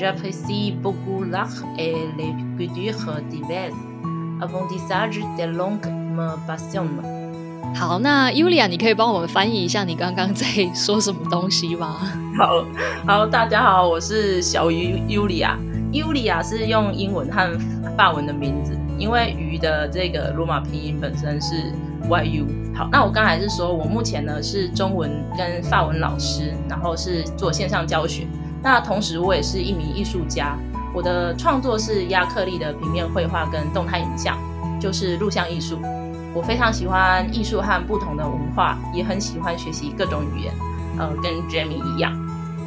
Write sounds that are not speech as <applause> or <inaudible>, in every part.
<noise> 好，那 J'apprécie beaucoup l'art et les cultures diverses. Apprendre des langues me passionne. 好，那 Yulia，你可以幫我們翻譯一下你剛剛在說什麼東西嗎？好，好，大家好，我是小魚 Yulia。Yulia 是用英文和法文的名字，因為魚的這個羅馬拼音本身是 YU。好，那我剛才是說我目前呢是中文跟法文老師，然後是做線上教學。那同時，我也是一名藝術家。我的創作是亞克力的平面繪畫跟動態影像，就是錄像藝術。我非常喜歡藝術和不同的文化，也很喜歡學習各種語言。呃，跟 Jamie 一樣。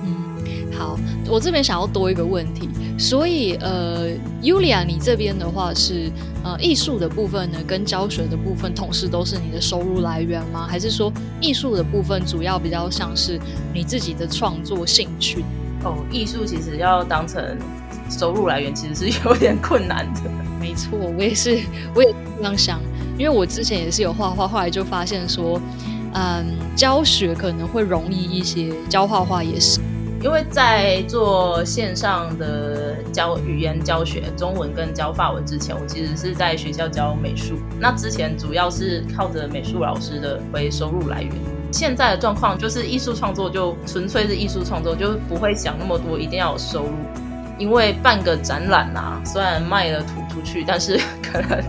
嗯，好，我這邊想要多一個問題。所以，呃，Yulia，你這邊的話是呃藝術的部分呢，跟教學的部分同時都是你的收入來源嗎？還是說藝術的部分主要比較像是你自己的創作興趣？哦，藝術其實要當成收入來源，其實是有點困難的。沒錯，我也是，我也這樣想。因為我之前也是有畫畫，後來就發現說，嗯、呃，教學可能會容易一些，教畫畫也是。因為在做線上的教語言教學，中文跟教法文之前，我其實是在學校教美術。那之前主要是靠着美術老師的為收入來源。現在的狀況就是藝術創作就純粹是藝術創作，就是不會想那麼多，一定要有收入。因為辦個展覽吶、啊，雖然賣了土出去，但是可能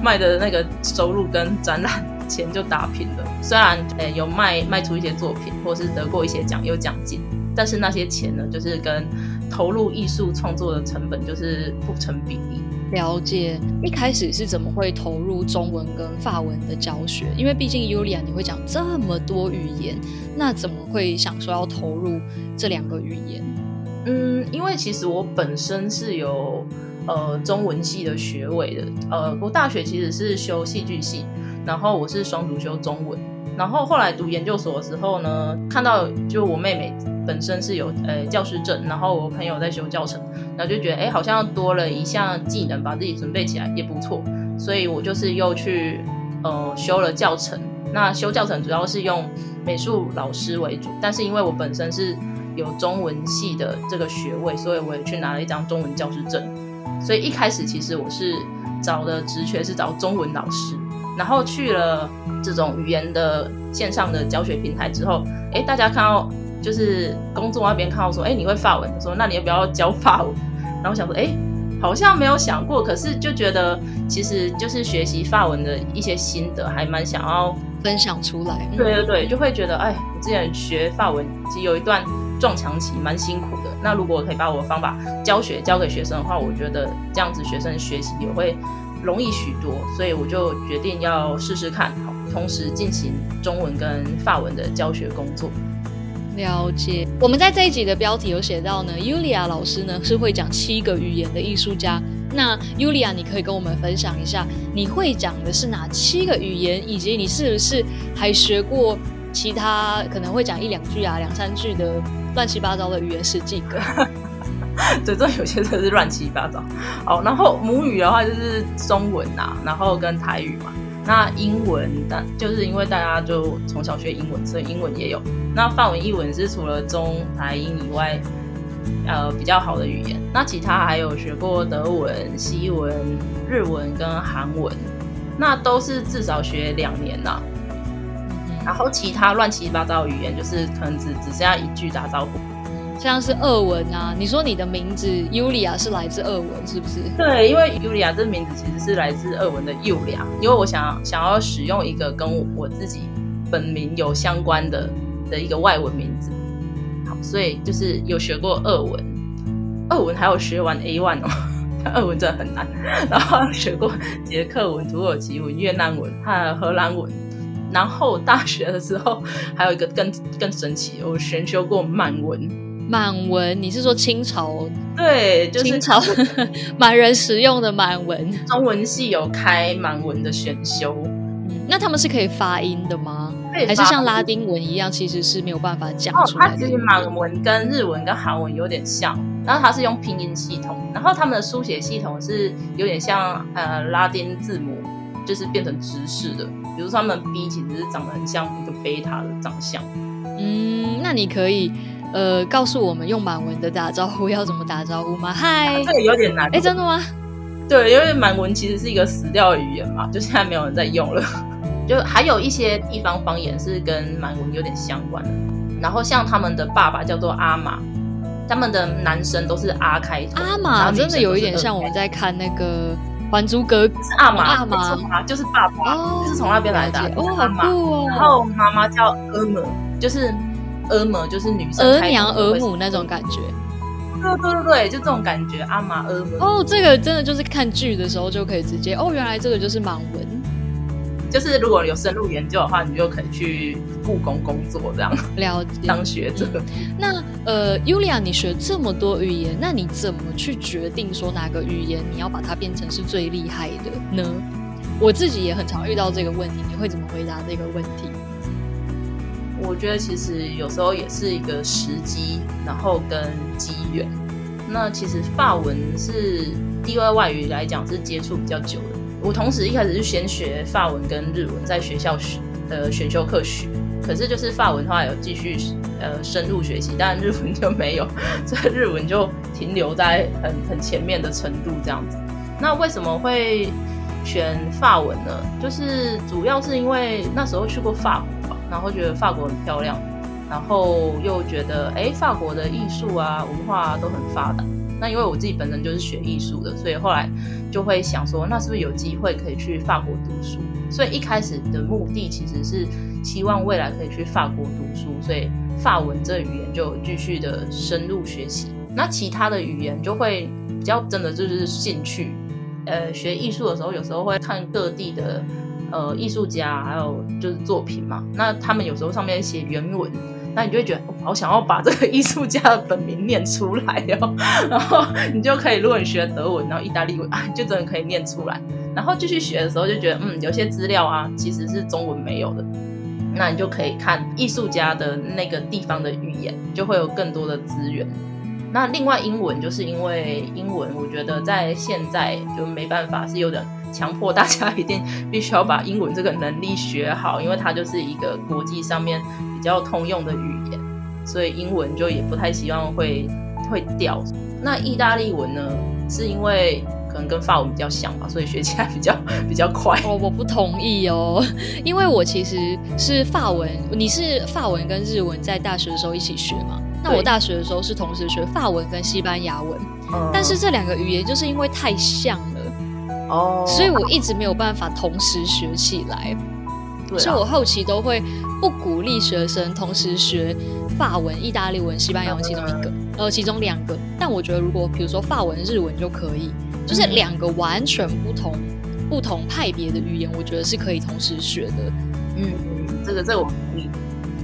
賣的那個收入跟展覽錢就打平了。雖然呃、欸、有賣賣出一些作品，或是得過一些獎，有獎金，但是那些錢呢，就是跟投入藝術創作的成本就是不成比例。了解，一開始是怎麼會投入中文跟法文的教學？因為畢竟 Yulia 你會講這麼多語言，那怎麼會想說要投入這兩個語言？嗯，因為其實我本身是有呃中文系的學位的，呃，我大學其實是修戲劇系，然後我是雙主修中文。然後後來讀研究所的時候呢，看到就我妹妹本身是有呃教師證，然後我朋友在修教程，然後就覺得哎，好像要多了一項技能，把自己準備起來也不錯，所以我就是又去呃修了教程。那修教程主要是用美術老師為主，但是因為我本身是有中文系的這個學位，所以我也去拿了一張中文教師證。所以一開始其實我是找的職缺是找中文老師。然後去了這種語言的線上的教學平台之後，誒，大家看到就是工作那邊看到說，誒，你會法文，說那你要不要教法文？然後想說，哎，好像沒有想過，可是就覺得其實就是學習法文的一些心得，還蠻想要分享出來。對對對，就會覺得，哎，我之前學法文其實有一段撞牆期，蠻辛苦的。那如果我可以把我的方法教學教給學生的話，我覺得這樣子學生學習也會。容易許多，所以我就決定要試試看好，同時進行中文跟法文的教學工作。了解，我們在這一集的標題有寫到呢，Yulia 老師呢是會講七個語言的藝術家。那 Yulia，你可以跟我們分享一下，你會講的是哪七個語言，以及你是不是還學過其他可能會講一兩句啊、兩三句的亂七八糟的語言十幾個？ <laughs> <laughs> 對，這有些就是亂七八糟。好，然後母語的話就是中文啊，然後跟台語嘛。那英文，那就是因為大家就從小學英文，所以英文也有。那法文義文是除了中台英以外，呃，比較好的語言。那其他還有學過德文、西文、日文跟韓文，那都是至少學兩年吶、啊。然後其他亂七八糟的語言，就是可能只只剩下一句打招呼。像是俄文啊，你說你的名字 l i 亞是來自俄文，是不是？對，因為 l i 亞這名字其實是來自俄文的優良，因為我想要想要使用一個跟我自己本名有相關的的一個外文名字，好，所以就是有學過俄文，俄文還有學完 A one 哦，但俄文真的很難。然後學過捷克文、土耳其文、越南文，還有荷蘭文。然後大學的時候還有一個更更神奇，我選修過滿文。滿文，你是說清朝？對，就是、清朝滿 <laughs> 人使用的滿文。中文系有開滿文的選修、嗯，那他們是可以發音的嗎？還是像拉丁文一樣，其實是沒有辦法講出來的、哦？它其實滿文跟日文跟韓文有點像，然後它是用拼音系統，然後他們的書寫系統是有點像呃拉丁字母，就是變成直式的，比如說他們 B 其實是長得很像一個貝塔的長相。嗯，那你可以。呃，告訴我們用滿文的打招呼要怎麼打招呼嗎？嗨，這個、啊、有點難。哎，真的嗎？對，因為滿文其實是一個死掉的語言嘛，就現在沒有人在用了。 <laughs> 就還有一些地方方言是跟滿文有點相關的。然後像他們的爸爸叫做阿瑪，他們的男生都是阿開頭，阿瑪，阿開頭。真的有一點像我們在看那個《還珠格格》，是阿瑪阿瑪、就是，就是爸爸，哦、就是從那邊來的。阿哦，很酷、哦。然後媽媽叫阿嬤，就是。額母就是女生，額娘額母那種感覺。對對對對，就這種感覺。阿瑪額母。哦，這個真的就是看劇的時候就可以直接哦，原來這個就是滿文。就是如果有深入研究的話，你就可以去故宮工作這樣。了解。當學者。嗯、那呃，Yulia，你學這麼多語言，那你怎麼去決定說哪個語言你要把它變成是最厲害的呢？嗯、我自己也很常遇到這個問題，你會怎麼回答這個問題？我覺得其實有時候也是一個時機，然後跟機緣。那其實法文是第二外語來講是接觸比較久的。我同時一開始是先學法文跟日文，在學校學呃選修課學，可是就是法文的話有繼續呃深入學習，但日文就沒有，所以日文就停留在很很前面的程度這樣子。那為什麼會選法文呢？就是主要是因為那時候去過法國吧。然後覺得法國很漂亮，然後又覺得誒，法國的藝術啊、文化啊都很發達。那因為我自己本身就是學藝術的，所以後來就會想說，那是不是有機會可以去法國讀書？所以一開始的目的其實是希望未來可以去法國讀書，所以法文這語言就繼續的深入學習。那其他的語言就會比較真的就是興趣。呃，學藝術的時候，有時候會看各地的。呃，藝術家還有就是作品嘛，那他們有時候上面寫原文，那你就會覺得，哦，我好想要把這個藝術家的本名念出來哦，然後你就可以，如果你學德文，然後意大利文，啊，就真的可以念出來。然後繼續學的時候就覺得，嗯，有些資料啊其實是中文沒有的，那你就可以看藝術家的那個地方的語言，就會有更多的資源。那另外英文，就是因為英文，我覺得在現在就沒辦法，是有點。強迫大家一定必須要把英文這個能力學好，因為它就是一個國際上面比較通用的語言，所以英文就也不太希望會會掉。那意大利文呢，是因為可能跟法文比較像吧，所以學起來比較比較快。我、哦、我不同意哦，因為我其實是法文，你是法文跟日文在大學的時候一起學嘛？對那我大學的時候是同時學法文跟西班牙文，嗯、但是這兩個語言就是因為太像了。哦，oh，所以我一直沒有辦法同時學起來，啊、所以我後期都會不鼓勵學生同時學法文、意大利文、西班牙文其中一個，然後、呃、其中兩個。但我覺得，如果比如說法文、日文就可以，就是兩個完全不同、嗯、不同派別的語言，我覺得是可以同時學的。嗯，嗯這個在、這個、我、嗯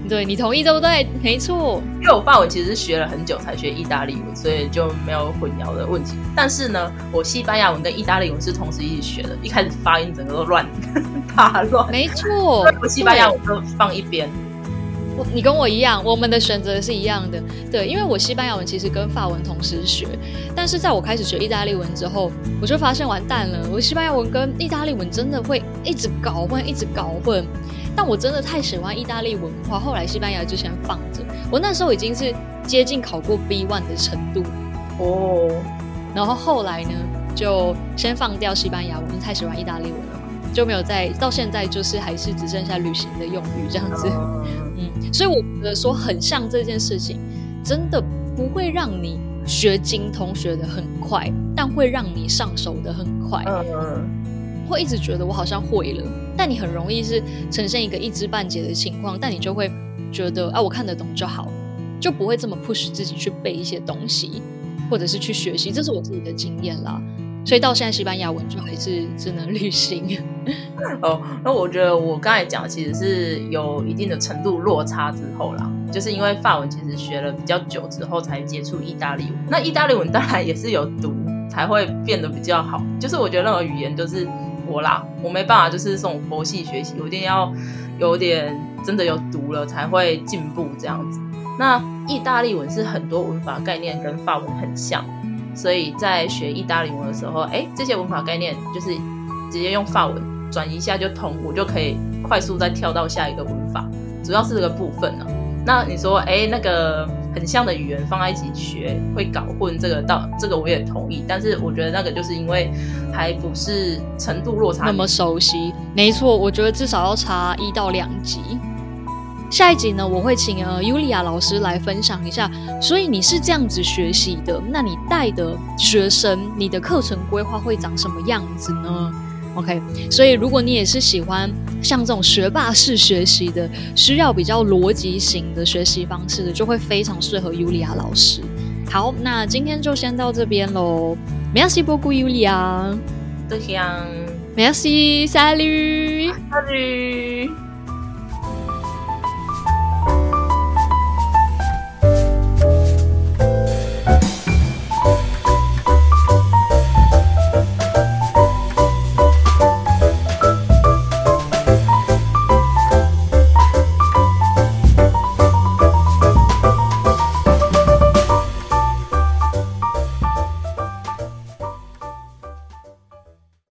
對你同意都對，沒錯。因為我法文其實是學了很久才學意大利文，所以就沒有混淆的問題。但是呢，我西班牙文跟意大利文是同時一起學的，一開始發音整個都亂， <laughs> 怕亂，沒錯。我西班牙文都放一邊。你跟我一樣，我們的選擇是一樣的。對，因為我西班牙文其實跟法文同時學，但是在我開始學意大利文之後，我就發現完蛋了。我西班牙文跟意大利文真的會一直搞混，一直搞混。但我真的太喜歡意大利文化，後來西班牙就先放着，我那時候已經是接近考過 B1 的程度哦。Oh. 然後後來呢，就先放掉西班牙文，太喜歡意大利文了，就沒有再到現在，就是還是只剩下旅行的用語這樣子，嗯。所以我覺得說很像這件事情，真的不會讓你學精通學得很快，但會讓你上手得很快。嗯、uh，uh. 會一直覺得我好像會了，但你很容易是呈現一個一知半解的情況，但你就會覺得啊，我看得懂就好，就不會這麼 push 自己去背一些東西，或者是去學習。這是我自己的經驗啦。所以到現在，西班牙文就還是只能旅行。哦，那我覺得我剛才講的其實是有一定的程度落差之後啦，就是因為法文其實學了比較久之後才接觸意大利文，那意大利文當然也是有讀才會變得比較好。就是我覺得任何語言都，就是我啦，我沒辦法就是這種佛系學習，我一定要有點真的有讀了才會進步這樣子。那意大利文是很多文法概念跟法文很像。所以在學意大利文的時候，哎、欸，這些文法概念就是直接用法文轉一下就通，我就可以快速再跳到下一個文法，主要是這個部分了。啊、那你說，哎、欸，那個很像的語言放在一起學，會搞混。這個到這個我也同意，但是我覺得那個就是因為還不是程度落差那麼熟悉。沒錯，我覺得至少要差一到兩級。下一集呢，我會請呃尤利 a 老師來分享一下，所以你是這樣子學習的，那你帶的學生，你的課程規劃會長什麼樣子呢？OK，所以如果你也是喜歡像這種學霸式學習的，需要比較邏輯型的學習方式的，就會非常適合尤利 a 老師。好，那今天就先到這邊嘍。Merci beaucoup, 尤利亞，再見。Merci, salut, salut.